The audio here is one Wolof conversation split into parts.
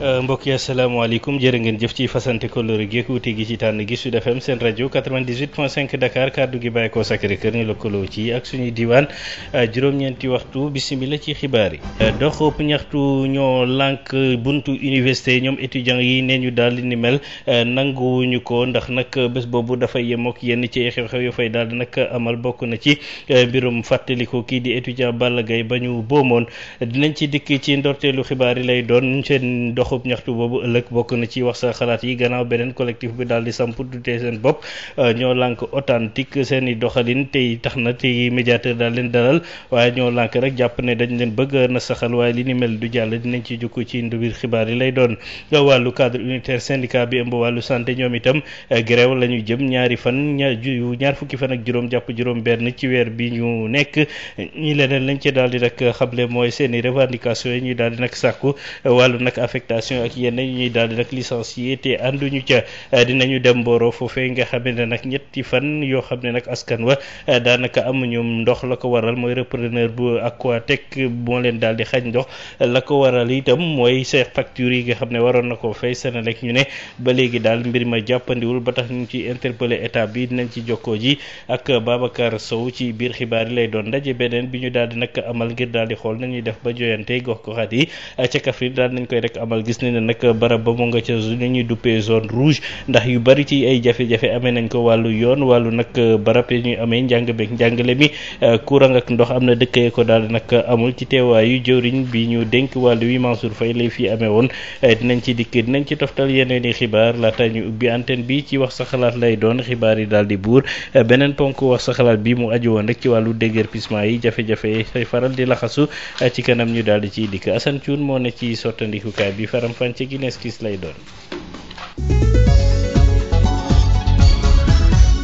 Euh, mbokk yi asalaamaaleykum jërë ngeen jëf ci fasante kóllëre gi wuute gi ci tànn gi su FM seen rajo 98.5 Dakar kaddu gi bàyyeekoo Sacré Cœur ñu lëkkaloo ci ak suñuy diwaan euh, juróom-ñeenti waxtu bisimila ci xibaar yi. Euh, dox ëpp ñaxtu ñoo lànk buntu université ñoom étudiants yi nee ñu daal di ni mel nangu nanguwuñu ko ndax nag bés boobu dafay yëmook ak yenn ci xew-xew yu fay daal di nag amal bokk na ci mbirum fàttaliku kii di étudiant Balla Gaye ba ñu boomoon dinañ ci dikk ci ndorteelu xibaar yi lay doon seen doxub ñaxtu boobu ëllëg bokk na ci wax sa xalaat yi gannaaw beneen collectif bi daal di samp tuddee seen bopp euh, ñoo lànk authentique seen i doxalin tey tax na tey médiateur daal leen dalal waaye ñoo lànk rek jàpp ne dañ leen bëgg na saxal waaye li ni mel du jàll dinañ ci jukku ci ndubir xibaar yi lay doon euh, wàllu cadre unitaire syndicat bi ëmb wàllu santé ñoom itam euh, grève la ñu jëm ñaari fan ñaar fukki fan ak juróom jàpp juróom benn ci weer bi ñu nekk ñi leneen lañ ci daal di rek xamle mooy seen i revendication yi ñuy daal di délégation ak yenn ñi ñuy daal di nag licencié te ànduñu ca eh, dinañu dem booro foofee nga xam ne nag ñetti fan yoo xam ne nag askan wa eh, daanaka am ñoom ndox la ko waral mooy repreneur bu Aquatech moo leen daal di xañ ndox la ko waral itam mooy seen facture yi nga xam ne waroon na ko fay Senelec ñu ne ba léegi daal mbir ma jàppandiwul ba tax ñu ci interpellé état bi dinañ ci jokkoo ji ak Babacar Sow ci biir xibaar yi lay doon ndaje beneen bi ñu daal di nag amal ngir daal di xool nañuy def ba joyante gox goxaat yi eh, ca Kaffrine daal nañ koy rek gis nañ ne nag barab ba mu nga ca li ñuy duppee zone rouge ndax yu bari ci ay jafe-jafe amee nañ ko wàllu yoon wàllu nag barab yi ñuy amee njàng beeg njàngale mi euh, courant ak ndox am na dëkk ko daal nag amul ci teewaayu jëwriñ bi ñu dénk wàllu wi Mansour Faye lay fii amee woon euh, dinañ ci dikk dinañ ci toftal yeneen i xibaar laata ñu ubbi antenne bi ci wax sa xalaat lay doon xibaar yi daal di buur euh, beneen ponk wax sa xalaat bi mu aju woon rek ci wàllu déguerpissement yi jafe-jafe say faral faram-fàccee Guinness Kiss lay doon.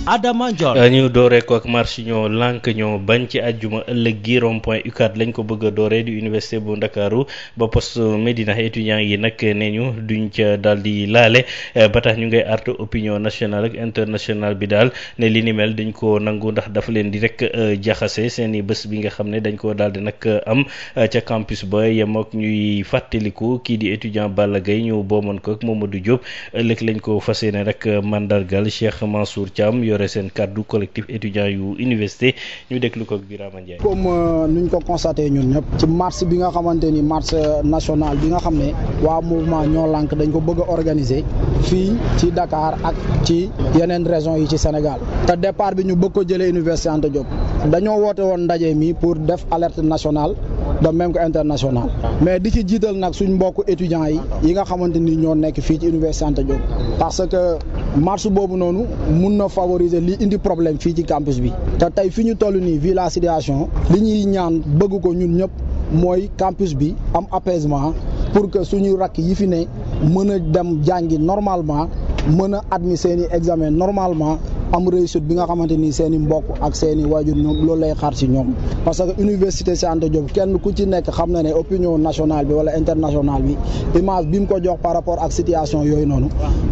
Adama Ndione euh, ñu dooree ko ak ñoo lànk ñoo bañ ci àjjuma ëllëg gi rond point UCAD lañ ko bëgg a dooree di université bu Ndakaaru ba poste Médina étudiants yi nag ne ñu duñ ca daal di laale euh, ba tax ñu ngay artu opinion nationale ak internationale bi daal ne li ni dañ ko nangu ndax dafa leen di rek euh, jaxase seen i bés bi nga xam ne dañ ko daal di nag am ca campus ba yem ak ñuy fàttaliku kii di étudiant Balla Gaye ñu boomoon ko ak Mamadou Diop ëllëg lañ ko fas yéene rek mandargal Cheikh Mansour Thiam. yore seen kàddu collectif étudiant yu université ñu déglu ko Birama Ndiaye. comme euh, nuñ ko constaté ñun ñëpp ci marche bi nga xamante ni marche euh, nationale bi nga xam ne waa mouvement ñoo lank dañ ko bëgg a organiser fii ci Dakar ak ci yeneen régions yi ci Sénégal te départ bi ñu bëgg ko jëlee université Anta Diop dañoo woote woon ndaje mi pour def alerte nationale. ba même que international mais di ci jiital nag suñ mbokk étudiants yi yi nga xamante ni ñoo nekk fii ci université Anta Diop parce que marche boobu noonu mun na favoriser li indi problème fii ci campus bi te tey fi ñu toll nii vu la situation li ñuy ñaan bëgg ko ñun ñëpp mooy campus bi am apaisement pour que suñu rakk yi fi ne mën a dem jàngi normalement mën a admis seeni examen normalement am réussite bi nga xamante ni seen i mbokk ak seen i waajur loolu lay xaar si ñoom parce que université Cheikh Anta kenn ku ci nekk xam na ne opinion nationale bi wala internationale bi image bi mu ko jox par rapport ak situation yooyu noonu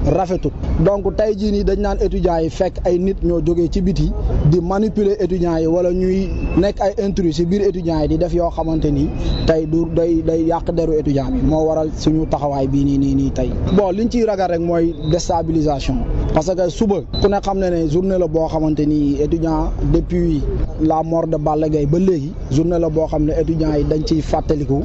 rafetul donc tey jii nii dañ naan étudiants yi fekk ay nit ñoo jógee ci biti di manipuler étudiants yi wala ñuy nekk ay intrus si biir étudiants yi di def yoo xamante ni tey du day day yàq deru étudiant bi moo waral suñu taxawaay bii nii nii nii tey bon liñ ciy ragal rek mooy déstabilisation parce que suba ku ne xam ne ne journée la boo xamante ni étudiant depuis la mort de Balla Gaye ba léegi journée la boo xam ne étudiants yi dañ ciy fàttaliku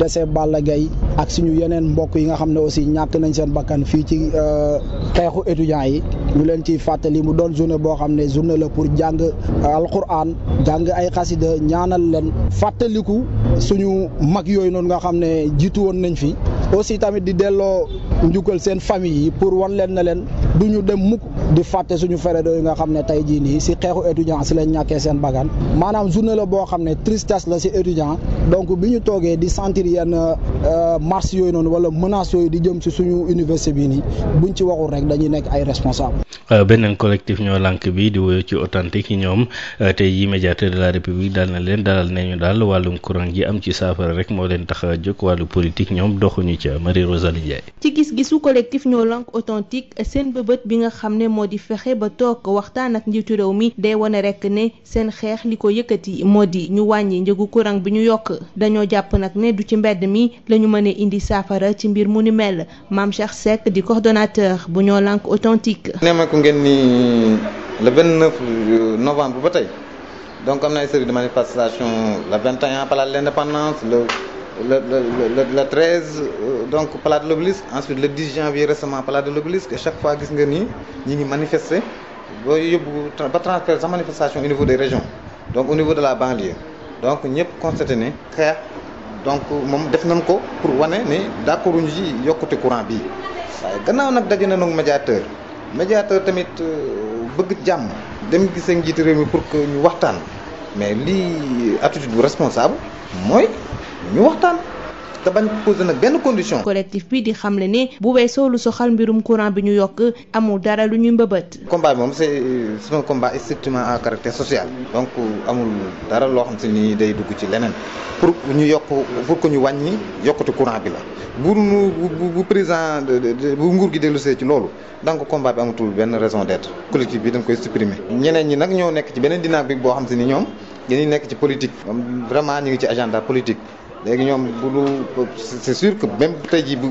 dese Balla Gaye ak suñu yeneen mbokk yi nga xam ne aussi ñàkk nañ seen bakkan fii ci euh, xeexu étudiants yi ñu leen ciy fàttali mu doon journée boo xam ne journée la pour jàng euh, alquran jàng ay xasida ñaanal leen fàttaliku suñu mag yooyu noonu nga xam ne jiitu woon nañ fi aussi tamit di delloo njukkal seen famille yi pour wan leen na leen du ñu dem mukk di fàtte suñu férédo yi nga xam ne tey jii nii si xeexu étudiant si lañ ñàkkee seen bagaan maanaam journée la boo xam ne tristesse la si étudiant donc bi ñu toogee di sentir yenn Euh, marche yooyu noonu wala menaces yooyu di jëm si suñu université bii nii buñ ci waxul rek dañu nekk ay responsable euh, beneen collectif ñoo lank bi di woyo ci authentique yi ñoom euh, te yi médiateur de la république daal na leen dalal ñu dal wàllum courant ji am ci saafara rek moo leen tax a jóg wàllu politique ñoom doxuñu ca Marie Rosalie Ndiaye ci gis-gisu collectif ñoo lank authentique seen bëbët bi nga xam ne moo di fexe ba toog waxtaan ak njiitu réew mi day wane rek ne seen xeex li ko yëkkati moo di ñu wàññi njëgu courant bi ñu yokk dañoo jàpp nag ne ci mbedd mi la ñu mën a indi saafara ci mbir mu ni mel Mame Cheikh Seck di coordonnateur bu ñoo lànk authentique. nemmeeku ngeen ni le 29 novembre ba tey donc am na ay série de manifestation le 21 palais de l'indépendance le le le le le 13 euh, donc palais de l'obélisque ensuite le 10 janvier récemment palais de l'obélisque et chaque fois gis nga ni ñi ngi manifester ba yóbbu ba transférer sa manifestation au niveau des régions donc au niveau de la banlieue donc ñëpp constaté ne xeex. donc moom def nañ ko pour wane ne d'accord ñu yokkute courant bi waaye gannaaw nag daje na nag médiateur médiateur tamit euh, bëgg jàmm dem gis ak njiitu réew mi pour que ñu waxtaan mais lii attitude bu responsable mooy ñu waxtaan. te bañ posé nag benn condition. collectif bi di xam ne ni bu weesoo lu soxal mbirum courant bi ñu yokk amul dara lu ñuy mbëbët. combat bi moom c'est c'est un combat strictement en caractère social donc amul dara loo xam si ni day dugg ci leneen pour ñu yokk pour que ñu wàññi yokkute courant bi la bu bu bu président bu nguur gi dellu see ci loolu donc combat bi amatul benn raison d'être collectif bi dañ koy supprimer. ñeneen ñi nag ñoo nekk ci beneen dynamique boo xam si ni ñoom dañuy nekk ci politique. vraiment ñu ngi ci agenda politique. léegi ñoom bu lu c'est sûr que même tey jii bu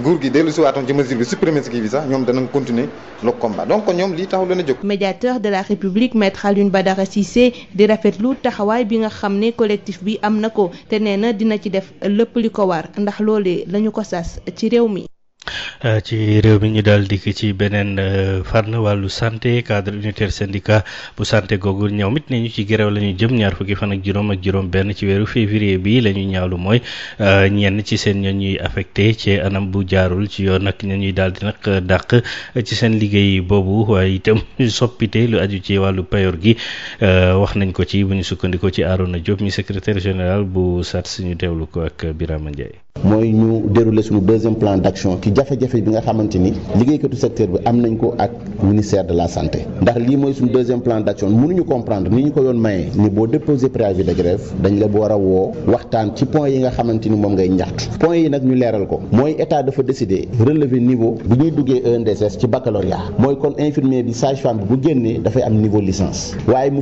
nguur gi dellu si waatoon ci mesure bi supprimer si kii bi sax ñoom danañ continuer le combat donc ñoom lii taxu leen a jóg. médiateur de la république maître Alioune Badara Cissé di rafetlu taxawaay bi nga xam ne collectif bi am na ko te nee na dina ci def lépp li ko war ndax loolee lañu ko sas ci réew mi. Euh, ci réew mi ñu daal dikk ci beneen euh, fànn wàllu santé cadre unitaire syndicat bu santé googu ñoom it ne ñu ci grève la ñu jëm ñaar fukki fan ak juróom ak juróom benn ci weeru février bi la ñu ñaawlu mooy euh, ñenn ci seen ñoo ñuy affecté ci anam bu jaarul ci yoon nag ñoo ñuy daal di nag dàq ci seen liggéey boobu waaye itam soppite lu aju ci wàllu payoor gi wax nañ ko ci bu ñu sukkandikoo ci Arona Diop mi secretaire général bu SATS ñu teewlu ko ak Birama Ndiaye mooy ñu dérouler suñu deuxième plan d'action ci jafe-jafe bi nga xamante ni liggéeykatu secteur bi am nañ ko ak ministère de la santé ndax lii mooy suñu deuxième plan d'action mënuñu comprendre ni ñu ko yoon mayee ni boo déposé préavis de grève dañ la war a woo waxtaan ci point yi nga xamante ni moom ngay ñaxtu point yi nag ñu leeral ko mooy état dafa décider relever niveau bi ñuy duggee ENDSS ci baccalauréat mooy kon infirmier bi sage-femme bi bu génnee dafay am niveau licence waaye mu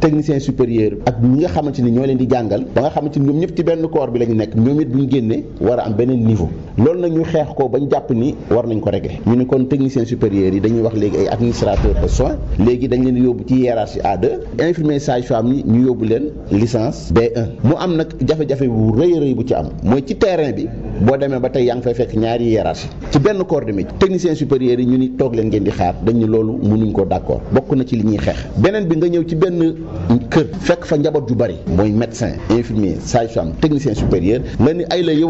technicien supérieur ak ñi nga ni ñoo leen di jàngal ba nga xamante ni ñoom ñëpp ci benn corps bi lañu nekk bi war a am beneen niveau loolu nag ñu xeex ko bañ jàpp ni war nañ ko régler ñu ne kon technicien supérieur yi dañuy wax léegi ay administrateur de soins léegi dañ leen yóbbu ci hiérarchie A2 infirmier sage-femme yi ñu yóbbu leen licence b mu am nag jafe-jafe bu rëy rëy bu ci am mooy ci terrain bi boo demee ba tey yaa ngi fay fekk ñaari hiérarchie ci benn corps technicien supérieur yi ñu ni toog leen ngeen di xaar dañ ne loolu mënuñ koo d'accord bokk na ci li ñuy xeex beneen bi nga ñëw ci benn kër fekk fa njaboot ju bari mooy médecin infirmier sage-femme technicien supérieur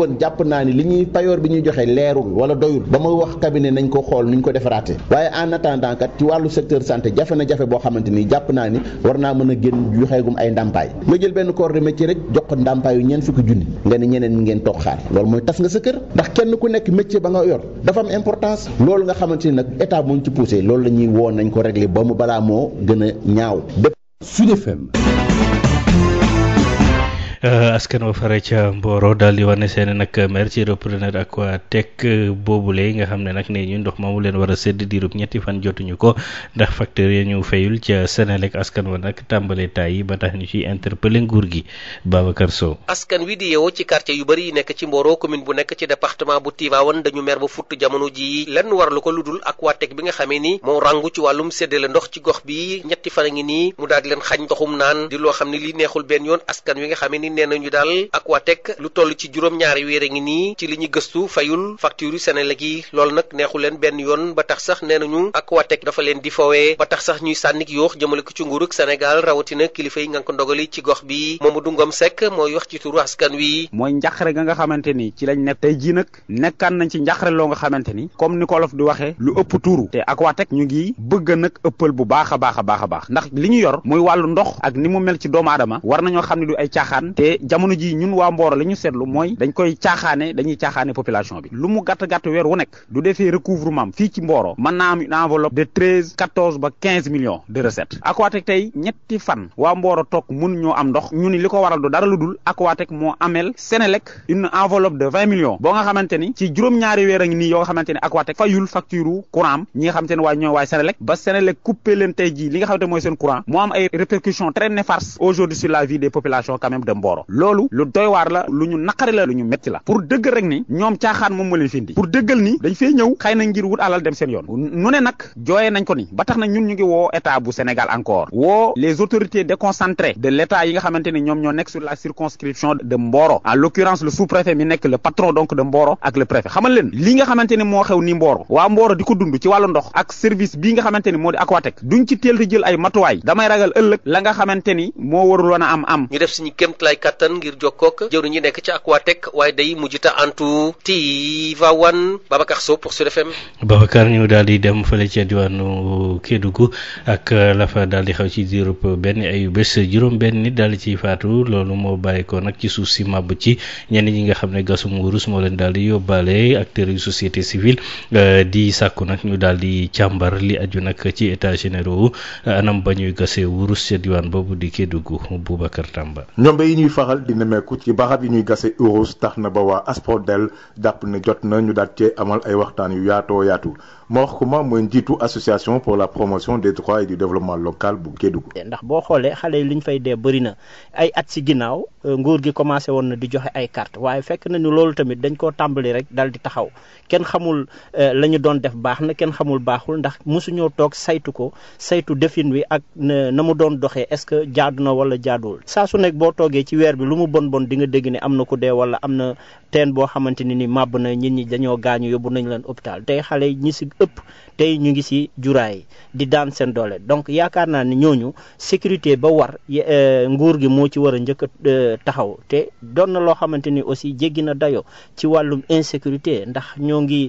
woon jàpp naa ni li ñuy payoor bi ñuy joxe leerul wala doyul ba ma wax cabinet nañ ko xool nuñ ko defaraatee waaye en attendant kat ci wàllu secteur santé jafe na jafe boo xamante ni jàpp naa ni war naa mën a génn joxeegum ay ndàmpaay nga jël benn koor de métier rek jox ko ndàmpaayu ñeen fukki junni nga ne ñeneen ñi ngeen toog xaar loolu mooy tas nga sa kër ndax kenn ku nekk métier ba nga yor dafa am importance loolu nga xamante ni nag état bu ñu ci poussé loolu la ñuy woon nañ ko régler ba mu balaa moo gën a ñaaw Sud FM Euh, askan wa fare ca Mboro daal di wane seen nag maire ci repreneur Aquatech boobule nga xam ne nag nee ñu ndox moomu leen war a sédd diirub ñetti fan jotuñu ko ndax facteur ya ñu fayul ca Senelec askan wa nag tàmbale taay ba tax ñu ciy interpellé nguur gi Babacar Sow. askan wi di yeewoo ci quartier yu bëri yi nekk ci Mboro commune bu nekk ci département bu Tivaouane dañu mer ba futt jamono jii lenn warlu ko lu dul Aquatech bi nga xamee ni moo rangu ci wàllum a nee nañu daal ak watek lu toll ci juróom-ñaari weer a ngi nii ci li ñu gëstu fayul facture Senelec yi loolu nag neexu leen benn yoon ba tax sax nee nañu ak watek dafa leen di foowee ba tax sax ñuy sànnik yoox jëmale ko ci nguurug Sénégal rawatina kilifa yi nga ko ndogali ci gox bi Mamadou Ngom Seck mooy wax ci turu kan wi. mooy njaqare ga nga xamante ni ci lañ nekk tey jii nag nekkaan nañ ci njaqare loo nga xamante ni comme ni kolof di waxee lu ëpp tuuru te ak watek ñu ngi bëgg nag ëppal bu baax a baax a baax a baax ndax li ñu yor muy wàllu ndox ak ni mu mel ci doomu war te jamono ji ñun waa Mboro la seetlu mooy dañ koy caaxaane dañuy caaxaane population bi lu mu gàtt-gàtt weer wu nekk du defee recouvrement fii ci Mboro mën naa am enveloppe de treize quatorze ba quinze millions de recettes Aquatec tey ñetti fan waa Mboro toog mun ñoo am ndox ñu li ko waral du dara lu dul Aquatec moo amel Senelec une enveloppe de vingt millions boo nga xamante ni ci juróom-ñaari weer a ngi nii yoo nga xamante ne Aquatec fayul Mboro loolu lu doy la lu ñu naqari la lu ñu metti la pour dëggal rek ni ñoom caaxaan moom ma leen findi pour dëggal ni dañ fee ñëw xëy na ngir wut alal dem seen yoon nu ne nag jooyee nañ ko ni ba tax na ñun ñu ngi woo état bu Sénégal encore woo les autorités déconcentrées de l'état yi nga xamante ni ñoom ñoo nekk la circonscription de Mboro en l'occurrence le sous-préfet mi nekk le patron donc de Mboro ak le préfet xamal li nga xamante ni ni moo di a am am ñu def kemtalaay kàttan ngir jokkook jëwriñ ñu nekk ci Aquatec waaye day mujjita antu Tivaouane Babacar Sow pour Sud FM. Babacar ñu daal di dem fële ca diwaanu Kédougou ak la fa daal di xaw ci diirub benn ayu bés juróom benn nit daal di ciy faatu loolu moo bàyyeekoo nag ci suuf si màbb ci ñenn ñi nga xam ne gasum wurus moo leen daal di yóbbaale acteurs yu société civile euh, di sàkku nag ñu daal di càmbar li aju nag ci état généraux anam ba ñuy gasee wurus ca diwaan boobu di Kédougou Boubacar ñuy faral di nemmeeku ci jot na ay waxtaan yu yaatoo yaatu Mor Kouma mooy njiitu association pour la promotion des droits et du développement local bu Kédougou. ndax boo xoolee xale yi ñu fay dee bëri na ay at si ginnaaw euh, nguur gi commencé woon na di joxe ay carte waaye fekk nañu loolu tamit dañ ko tàmbali rek dal di taxaw kenn xamul euh, la ñu doon def baax na kenn xamul baaxul ndax mosuñoo toog saytu ko saytu defin wi ak na mu doon doxe est-ce que jaadu na wala jaaduwul saa su nekk boo toogee ci ci weer bi lu mu bon bon di nga dégg ne am na ko dee wala am na teen boo xamante ne ni màbb na nit ñi dañoo gaañu yóbbu nañ leen hôpital tey xale ñi si ëpp tey ñu ngi si juraay di daan seen doole donc yaakaar naa ne ñooñu sécurité ba war euh, nguur gi moo ci war a njëkk a euh, taxaw te doon na loo xamante ni aussi jéggi na dayo ci wàllum insécurité ndax ñoo ngi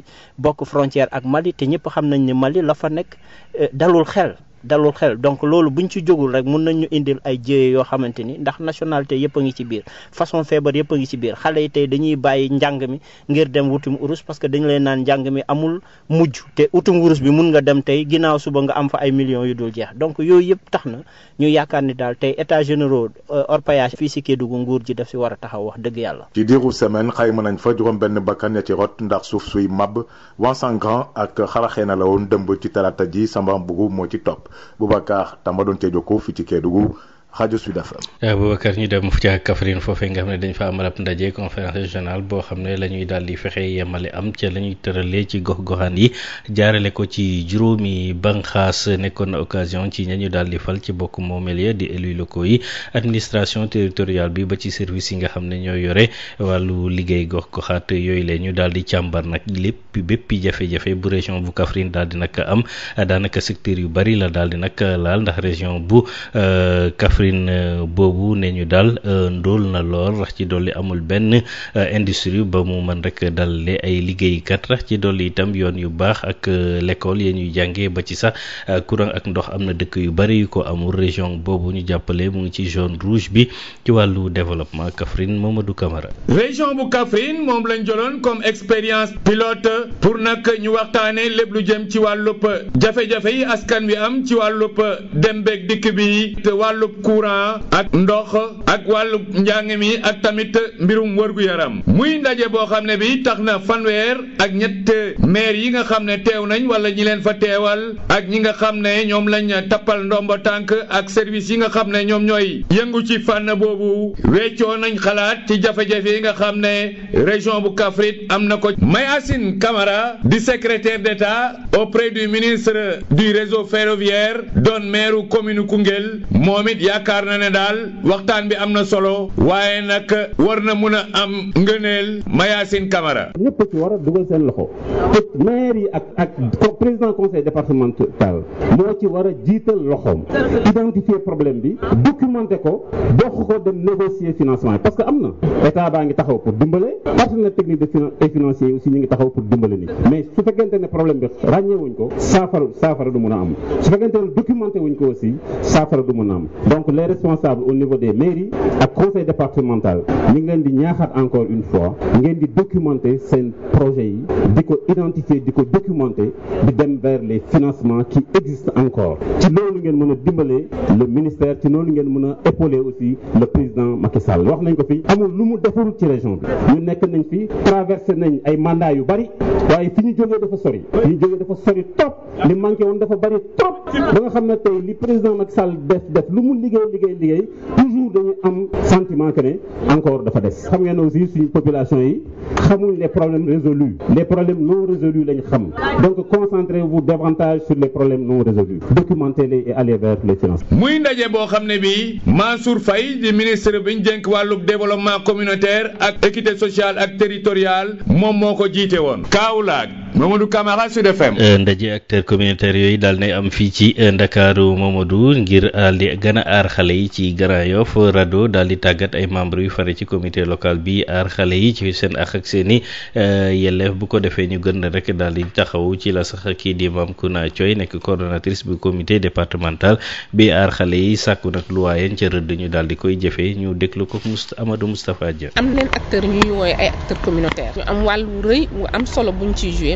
bokk frontière ak Mali te ñëpp xam nañ ne Mali la fa nekk euh, dalul xel dalul xel donc loolu bu buñ ci jógul rek mun nañ ñu indil ay jéye yoo xamante ni ndax nationalité yëpp a ngi ci biir façon feebar yëpp a ngi ci biir xale yi tey dañuy bàyyi njàng mi ngir dem wutum urus parce que dañu leen naan njàng mi amul mujj te utum urus bi mun nga dem tey ginnaaw suba nga am fa ay millions yu dul jeex donc yooyu yëpp tax na ñu yaakaar ni daal tey état généraux euh, orpaillage fii si Kédougou nguur ji daf si war a taxaw wax dëgg yàlla. ci diiru semaine xayma nañ fa juróom-benn bakkan ci rot ndax suuf suy mab Wansangran ak xaraxee na la woon dëmb ci talaata ji Samba Mbougou moo ci topp Boubacar Tamba doon cee jokkoo fii ci Kédougou rajo Sud FM. Boubacar ñu dem ca Kaffrine foofee nga xam ne dañ fa amal ab ndaje conférence régionale boo xam ne la ñuy daal di fexe yemale am ca la ñuy tëralee ci gox-goxaan yi jaarale ko ci juróomi banqaas nekkoon na occasion ci ña ñu daal di fal ci bokk moomeel ya di élus locaux yi administration territoriale bi ba ci service yi nga xam ne ñoo yore wàllu liggéey gox-goxaat yooyu la ñu daal di càmbar nag lépp bépp jafe-jafe bu région bu Kaffrine daal di nag am daanaka secteur yu bari la daal di nag laal ndax région bu euh, doctrine euh, boobu ne ñu daal euh, ndóol na lool rax ci dolli amul benn euh, industrie ba mu mën rek dalle ay liggéeykat rax ci dolli itam yoon yu baax ak l'école ya ñuy jàngee ba ci sax courant ak ndox am na dëkk yu bari yu ko amul région boobu ñu jàppale mu ngi ci zone rouge bi ci wàllu développement Kaffrine Mamadou Camara. région bu Kaffrine moom lañ jëloon comme expérience pilote pour nag ñu waxtaanee lépp lu jëm ci wàllub jafe-jafe yi askan bi am ci wàllub courant ak ndox ak wàllu njàng mi ak tamit mbirum wërgu yaram muy ndaje boo xam ne bi tax na fanweer ak ñett maire yi nga xam ne teew nañ wala ñi leen fa teewal ak ñi nga xam ne ñoom lañ tappal ndomba tànk ak service yi nga xam ne ñoom ñooy yëngu ci fànn boobu weccoo nañ xalaat ci jafe-jafe yi nga xam ne région bu Kaffrine am na ko Mayacine Camara di secrétaire d'État auprès du ministre du réseau ferroviaire doon maire commune Koungheul moom it yaakaar na ne daal waxtaan bi am na solo waaye nag war na mun a am ngëneel Mayacine Camara. ñëpp ci war a dugal seen loxo te maire yi ak ak président conseil départemental moo ci war a jiital loxoom identifier problème bi documenter ko bokk ko dem négocier financement yi parce que am na état baa ngi taxaw pour dimbale partenaire technique de finance et financier aussi ñu ngi taxaw pour dumbale nit mais su fekkente ne problème bi ràññeewuñ ko saafara saafara du mën a am su fekkente ne documenté wuñ ko aussi saafara du mun a am donc les responsables au niveau des mairies ak conseil départemental ñu ngi di ñaaxaat encore une fois ngeen di documenter seen projet yi di ko identifier di ko documenter di dem vers le financements qui existent encore ci lu ngeen mën a dimbale le ministère ci loolu ngeen mën a épauler aussi le président Macky wax nañ ko fi amul lu mu deful ci région bi ñu nekk nañ fi traversé nañ ay mandats yu bari waaye fi ñu jógee dafa sori fi ñu jógee dafa sori li manqué woon dafa bari trop ba xam ne tey li président Macky Sall def def lu mu liggéey liggéey liggéey toujours dañuy am sentiment que ne encore dafa des. xam ngeen aussi suñu population yi xamuñ les problèmes résolus les problèmes non résolus lañ xam donc concentrez-vous davantage sur les problème non résolus documentez-les et allez vers les finances. muy ndaje boo xam ne bii Mansour Faye di ministre bi ñu dénk wàllub développement communautaire ak équité sociale ak territoriale moom moo ko jiite woon Kaolack. Mamadou Camara Sud FM. Euh, ndaje acteur communautaire yooyu daal nay am fii ci euh, ndakaaru Mamadou ngir di euh, gën a aar xale yi ci Grand Yoff RADDHO daal di tàggat ay membre yu fare ci commité local bi aar xale yi ci seen ak ak seen i yelleef bu ko defee ñu gën rekk daal di taxaw ci la sax kii di ku Kouna Thioye nekk coordonnatrice bi comité départemental bi aar xale yi sàkku nag lu waayeen ca rëdd ñu daal di koy jëfee ñu déglu ko Moust Amadou Moustapha Dia. am leen acteurs ñuy woowee ay acteurs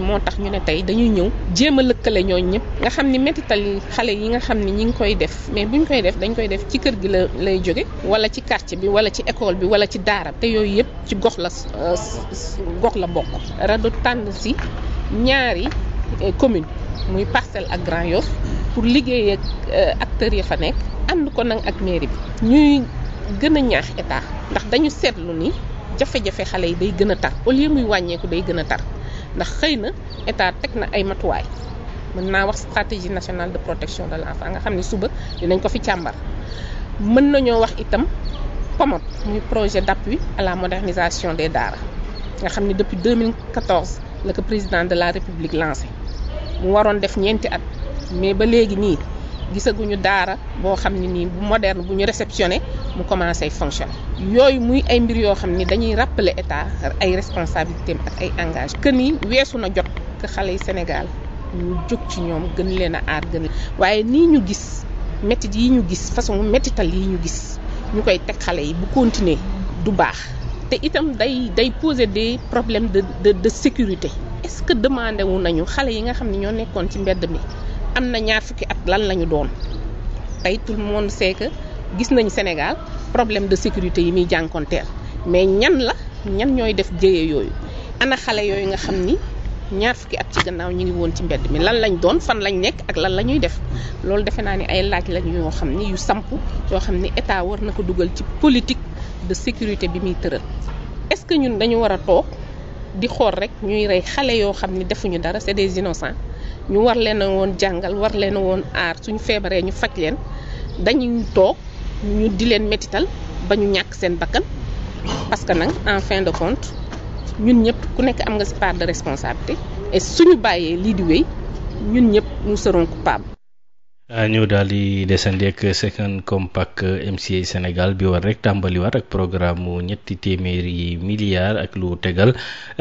moo tax ñu ne tey dañuy ñëw jéem a lëkkale ñooñ ñëpp nga xam ni métital xale yi nga xam ni ñi ngi koy def mais ñu koy def dañ koy def ci kër gi la lay jóge wala ci quartier bi wala ci école bi wala ci daara te yooyu yëpp ci gox la euh, gox la bokk rado tànn si ñaari euh, commune muy parcelle ak Grand Yoff pour liggéey ak euh, acteurs yi fa nekk ànd ko nag ak mairie bi ñuy gën a ñaax état ndax dañu seetlu ni jafe-jafe xale yi day gën a tar au lieu muy wàññeeku day gën a tar ndax xëy na état teg na ay matuwaay mën naa wax stratégie nationale de protection de l'enfant nga xam ni suba dinañ ko fi càmbar mën nañoo wax itam PAMOD muy projet d'appui à la modernisation des daara nga xam ne depuis 2014 la ko président de la république lancé mu waroon def ñeenti at mais ba léegi nii gisaguñu daara boo xam ne nii bu moderne bu ñu réceptionné mu commencé fonctionner yooyu muy ay mbir yoo xam ni dañuy rappeler état ay responsabilités ak ay engagé que ni weesu na jot que xale yi Sénégal ñu jóg ci ñoom gën leen a aar gën waaye nii ñu gis métit yi ñu gis façon métital yi ñu gis ñu koy teg xale yi bu continuer du baax te itam day day poser des problème de de sécurité est-ce que demandé wu nañu xale yi nga xam ne ñoo nekkoon ci mbedd mi am na ñaar fukki at lan la ñu doon tey tout le monde sait gis nañu Sénégal problème de sécurité yi muy jànkonteel mais ñan la ñan ñooy def jéye yooyu ana xale yooyu nga xam ni ñaar fukki at ci gannaaw ñu ngi woon ci mbedd mi lan lañ doon fan lañ nekk ak lan la ñuy def loolu defe naa ni ay laaj lañ yoo xam ni yu samp yoo xam ni état war na ko dugal ci politique de sécurité bi muy tëral est-ce que ñun dañu war a toog di xool rek ñuy rey xale yoo xam ni defuñu dara c'est des innocents ñu war leen a woon jàngal war leen woon aar suñu feebaree ñu faj leen dañuy toog ñu di leen métital ba ñu ñàkk seen bakkan parce que nag en fin de compte ñun ñëpp ku nekk am nga si part de responsabilité et suñu bàyyee lii di wéy ñun ñëpp nous serons coupables Eh, ñu daal di desandi ak second compact MCA Sénégal bi war rek tàmbaliwaat ak programme mu ñetti téeméeri milliards ak lu tegal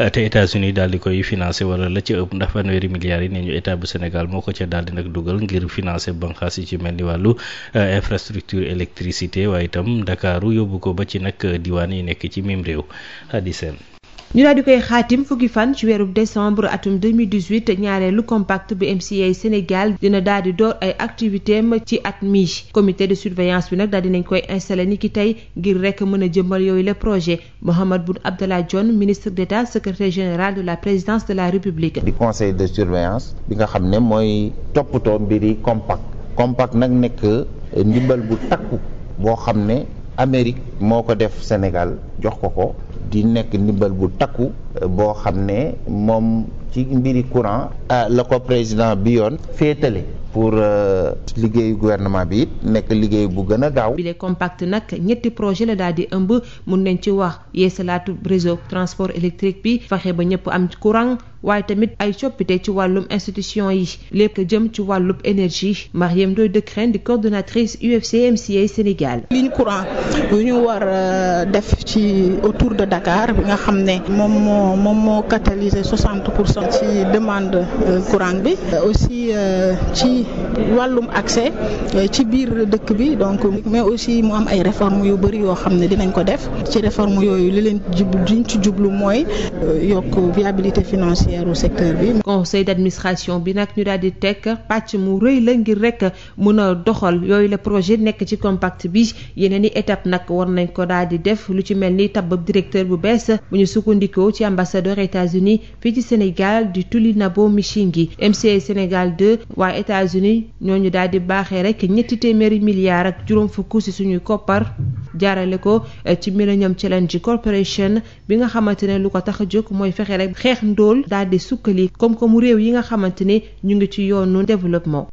eh, te États-Unis daal di koy financé wala la ci ëpp ndax fanweeri milliards yi nee ñu état bu Sénégal moo ko ca daal di nag dugal ngir financé banqaas yi ci mel ni wàllu eh, infrastructure électricité waaye itam Ndakaaru yóbbu ko ba ci nag diwaan yi nekk ci mim réew Hadi Sène ñu daal di koy xaatim fukki fan ci weerub décembre atum 2018 ñaareelu compact bu MCA Sénégal dina daal di door ay activité am ci at mi comité de surveillance bi nag daal dinañ koy installé ni ki tey ngir rek mën a jëmmal yooyu le projet Mohamed Boun Abdallah Dionne ministre d'État secrétaire général de la présidence de la République di conseil de surveillance bi nga xam ne mooy toppatoo mbiri compact compact nag nekk ndimbal bu takku boo xam ne Amérique moo ko def Sénégal jox ko ko di nekk ndimbal bu takku eh, boo xam ne moom ci mbiri courant ah, la ko président bi yoon féetale pour euh, liggéeyu gouvernement bi it nekk liggéey bu gën a gaaw. bile compact nag ñetti projet la daal di ëmb mun nañ ci wax yeesalaatu réseau transport électrique bi fexe ba ñëpp am courant waaye tamit ay coppite ci wàllum institution yi lekk jëm ci wàllub énergie Mariam Ndoye Decrène di coordonnatrice UFCMCA Sénégal. ligne courant yu ñu war euh, def ci autour de Dakar nga xam ne moom moom moo catalyser tontu ci demande euh, courant bi euh, aussi euh, ci wàllum accès ci biir dëkk bi donc mais aussi mu am ay réformes yu bëri yoo xam ne dinañ ko def ci réforme yooyu li leen jublu liñ ci jublu mooy yokk viabilité financière u secteur bi. conseil d'administration bi nag ñu daal di teg pàcc mu rëy la ngir rek mën a doxal yooyu la projet nekk ci compact bi yeneen i étape nag war nañ ko daal di def lu ci mel ni tabb directeur bu bees bu ñu sukkandikoo ci ambassadeur États-Unis fii ci mondial du Tulinabo Michingi MCA Sénégal 2 waa États-Unis ñooñu daal di baaxee rek ñetti téeméeri milliards ak juróom fukk ci suñuy koppar jaarale ko eh, ci Millennium Challenge Corporation bi nga xamante ne lu ko tax a jóg mooy fexe rek xeex ndool daal di sukkali comme koomu réew yi nga xamante ne ñu ngi ci yoonu développement.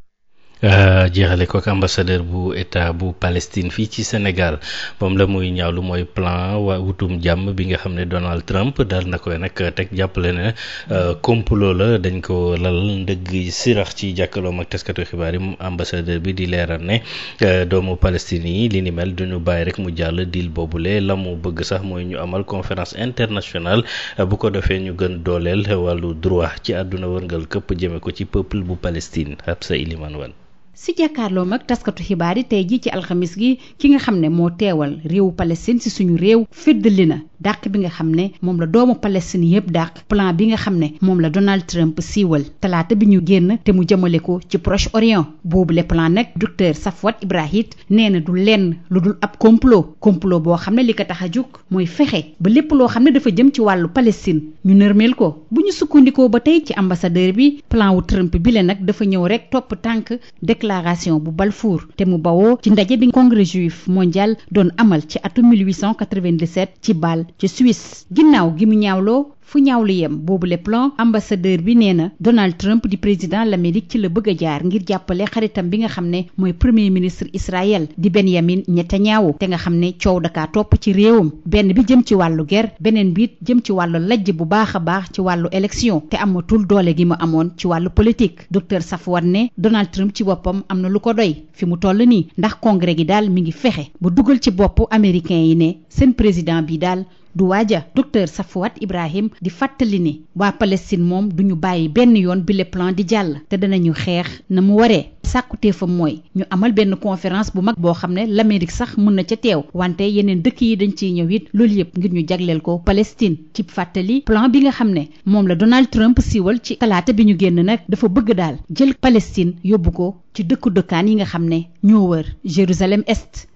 Euh, jeexale ko ak ambassadeur bu état bu Palestine fii ci Sénégal moom la muy ñaawlu mooy plan waa wutum jàmm bi nga xam ne Donald Trump daal na koy nag teg jàppale ne euh, complot la dañ ko lal ndëgg sirax ci jàkkaloom ak taskatu xibaar yi mu ambassadeur bi di leeral ne euh, doomu Palestine yi li ni mel duñu bàyyi rek mu jàll deal boobule la mu bëgg sax mooy ñu amal conférence internationale bu ko defee ñu gën dooleel wàllu droit ci àdduna wërngal këpp jëme ko ci peuple bu Palestine ab sa iliman wan si jàkkaarloo mag taskatu xibaar yi tey jii ci alxamis gi ki nga xam ne moo teewal réew Palestine si suñu réew féddali na dàq bi nga xam ne moom la doomu Palestine yëpp dàq plan bi nga xam ne moom la Donald Trump siiwal talaata bi ñu génn te mu jëmale ko ci Proche Orient boobule plan nag docteur Safwat Ibrahit nee na du lenn lu dul ab complot complot boo xam ne li ko tax a jóg mooy fexe ba lépp loo xam ne dafa jëm ci wàllu Palestine ñu nërmeel ko bu ñu sukkandikoo ba tey ci ambassadeur bi plan wu Trump bi le nag dafa ñëw rek déclaration bu Balfour te mu bawoo ci ndaje bi congrès juif mondial doon amal ci atum 1897 ci bal ci Suisse ginnaaw gi mu ñaawloo fu ñaaw la yem boobu le plan ambassadeur bi nee na Donald Trump di président l'Amérique ci la bëgg a jaar ngir jàppale xaritam bi nga xam ne mooy premier ministre Israël di ñette Netanyahu te nga xam ne coow dakaa topp ci réewam benn bi jëm ci wàllu guerre beneen biit jëm ci wàllu lajj bu baax a baax ci wàllu élection te amatul doole gi mu amoon ci wàllu politique docteur Safwan ne Donald Trump ci boppam am na lu ko doy fi mu toll nii ndax congrès gi daal mi ngi fexe ba dugal ci bopp américain yi ne seen président bi daal du waaja docteur Safwat Ibrahim di fàttali ni waa Palestine moom du ñu bàyyi benn yoon bi le plan di jàll te danañu xeex na mu waree sàkkuteefam mooy ñu amal benn conférence bu mag boo xam ne l'Amérique sax mën na ca teew wante yeneen dëkk yi dañ ciy ñëw it loolu yëpp ngir ñu jagleel ko Palestine ci fàttali plan bi nga xam ne moom la Donald Trump siiwal ci talaata bi ñu génn nag dafa bëgg daal jël Palestine yóbbu ko ci dëkku dëkkaan yi nga xam ne ñoo wër Jérusalem Est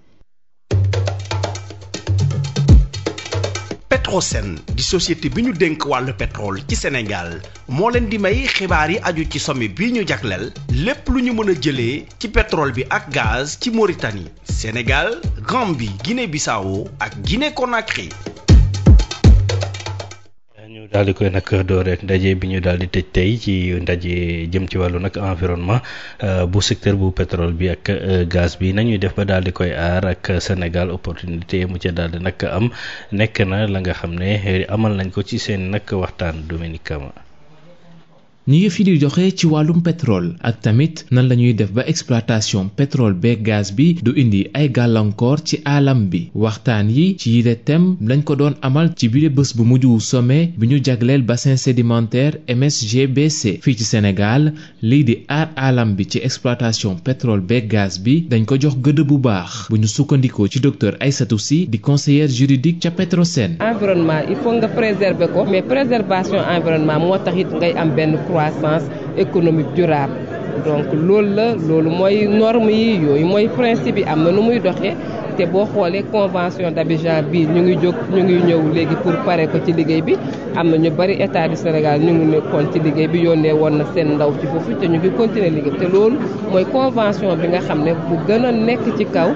Petrosen di société bi ñu dénk wàllu pétrole ci Sénégal moo leen di may xibaar yi aju ci sommet bi ñu jagleel lépp lu ñu mën a jëlee ci petrol bi ak gaz ci Mauritanie Sénégal Gambie Guinée-Bissau ak Guinée Conakry ñu daal koy nag door rek ndaje bi ñu daal di tëj tey ci ndaje jëm ci wàllu nag environnement euh, bu secteur bu pétrole bi ak euh, gaz bi nañuy def ba daal di koy aar ak Sénégal opportunité mu ca daal di nag am nekk na la nga xam ne amal nañ ko ci seen nag waxtaan Dominique Kama ni yëf yi di joxe ci wàllum pétrole ak tamit nan la ñuy def ba exploitation pétrole bee gaz bi du indi ay gàllankoor ci alam bi waxtaan yi ci yile thème lañ ko doon amal ci bile bés bu mujj sommet bi ñu jagleel bassin sédimentaire MSGBC fii ci Sénégal lii di aar alam bi ci exploitation petrole beeg gaz bi dañ ko jox gëdd bu baax bu ñu sukkandikoo ci docteur ay Sy di conseillère juridique ca Petrosen environnement il faut nga préserver ko mais préservation croissance économique durable donc loolu la loolu mooy norme yi yooyu mooy principe yi am na nu muy doxee te boo xoolee convention d'Abidjan bii ñu ngi jóg ñu ngi ñëw léegi pour pare ko ci liggéey bi am na ñu bari état du Sénégal ñu ngi nekkoon ci liggéey bi yónnee woon na seen ndaw ci foofu te ñu ngi continuer liggéey te loolu mooy convention bi nga xam ne bu gën a nekk ci kaw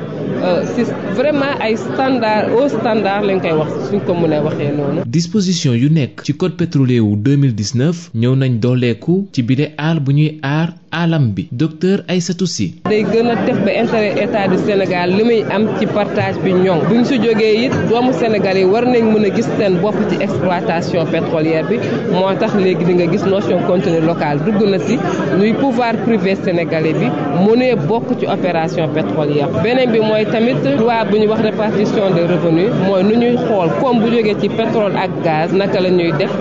euh, si vraiment ay standard au standard lañ koy wax suñ ko mënee waxee noonu. disposition yu nekk ci code pétrolier wu 2019 ñëw nañ dooleeku ci bile aar bu ñuy aar. alam bi docteur Aïssatou Sy day gën a def ba intérêt état du Sénégal li muy am ci partage bi ñoŋ bu ñu si jógee it doomu Sénégal yi war nañ mën a gis seen bopp ci exploitation pétrolière bi moo tax léegi di nga gis notion contenu local dugg na si luy pouvoir privé sénégalais bi mënee bokk ci opération pétrolière beneen bi mooy tamit loi bu ñu wax répartition des revenus mooy nu ñuy xool comme bu jógee ci pétrole ak gaz naka la ñuy def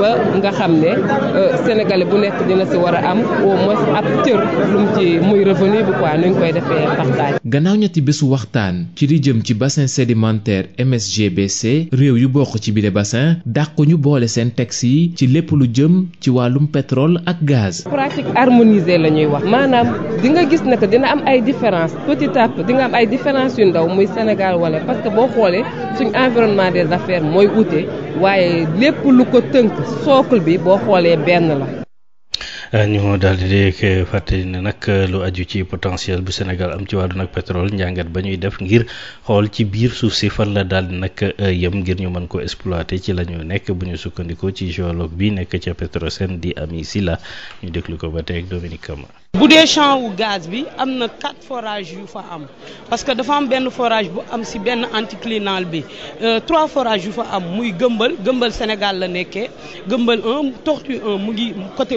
ba nga xam ne euh, sénégalais bu nekk dina si war a am au moins ab cër lu ci muy revenu bu quoi nuñ koy defee partage. gannaaw ñetti bésu waxtaan ci li jëm ci bassin sédimentaire MSGBC réew yu bokk ci bile bassin dàq ñu boole seen tex yi ci lépp lu jëm ci wàllum pétrole ak gaz. pratique harmonisée la ñuy wax maanaam di gis nag dina am ay différence petit à petit am ay différence yu ndaw muy Sénégal wala parce boo xoolee suñ environnement des affaires mooy ute waaye lépp lu ko tënk socle bi boo xoolee benn la. ñu daal di rek fàttali ne nag lu aju ci potentiel bu Sénégal am ci wàllu nag pétrole njàngat ba ñuy def ngir xool ci biir suuf si fan la daal di nag euh, yem ngir ñu mën ko exploité ci la nekk bu ñu sukkandikoo ci géologue bi nekk ca Petrosen di Ami Sila ñu déglu ko ba tey ak Dominique Camara. bu dee champ wu gaz bi am na quatre forage yu fa am parce que dafa am benn forage bu am si benn anticlinal bi euh, trois forages yu fa am muy gëmbal gëmbal Sénégal la nekkee gëmbal mu ngi côté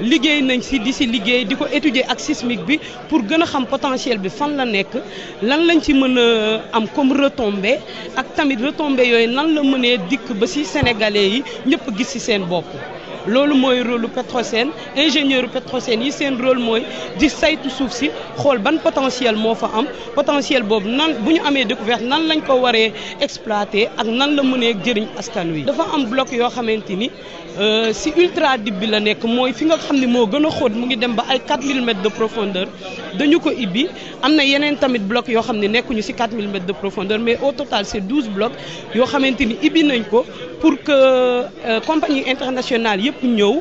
liggéey nañ si di si liggéey di ko étudier ak sismique bi pour gën a xam potentiel bi fan la nekk lan lañ ci mën a am comme retombée ak tamit retombée yooyu nan la mënee dikk ba si sénégalais yi ñëpp gis si seen bopp. loolu mooy rôle lu Petrosen ingénieur Petrosen yi seen rôle mooy di saytu suuf si xool ban potentiel moo fa am potentiel boobu nan bu ñu amee découverte nan lañ ko waree exploité ak nan la mënee jëriñ askan wi. dafa am bloc yoo xamante ni euh, si ultra dib bi la nekk mooy fi nga xam ni moo gën a xóot mu ngi dem ba ay 4000 mètres de profondeur dañu ko ibbi am na yeneen tamit bloc yoo xam ne nekkuñu si 4000 mètres de profondeur mais au total c'est 12 yoo xamante ni ibbi nañ ko. pour que euh, compagnie internationale yëpp ñëw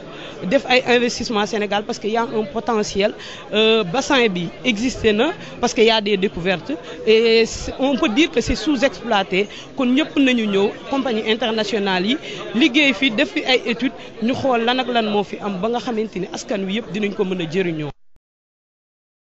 def ay investissement Sénégal parce que y a un potentiel euh, bassin bi existé na parce que y a des découvertes et on peut dire que c'est sous-exploité kon ñëpp nañu ñëw compagnie internationale yi liggéey fi def fi ay études ñu xool lan ak lan moo fi am ba nga xamante ni askan wi yëpp dinañ ko mën a jëriñoo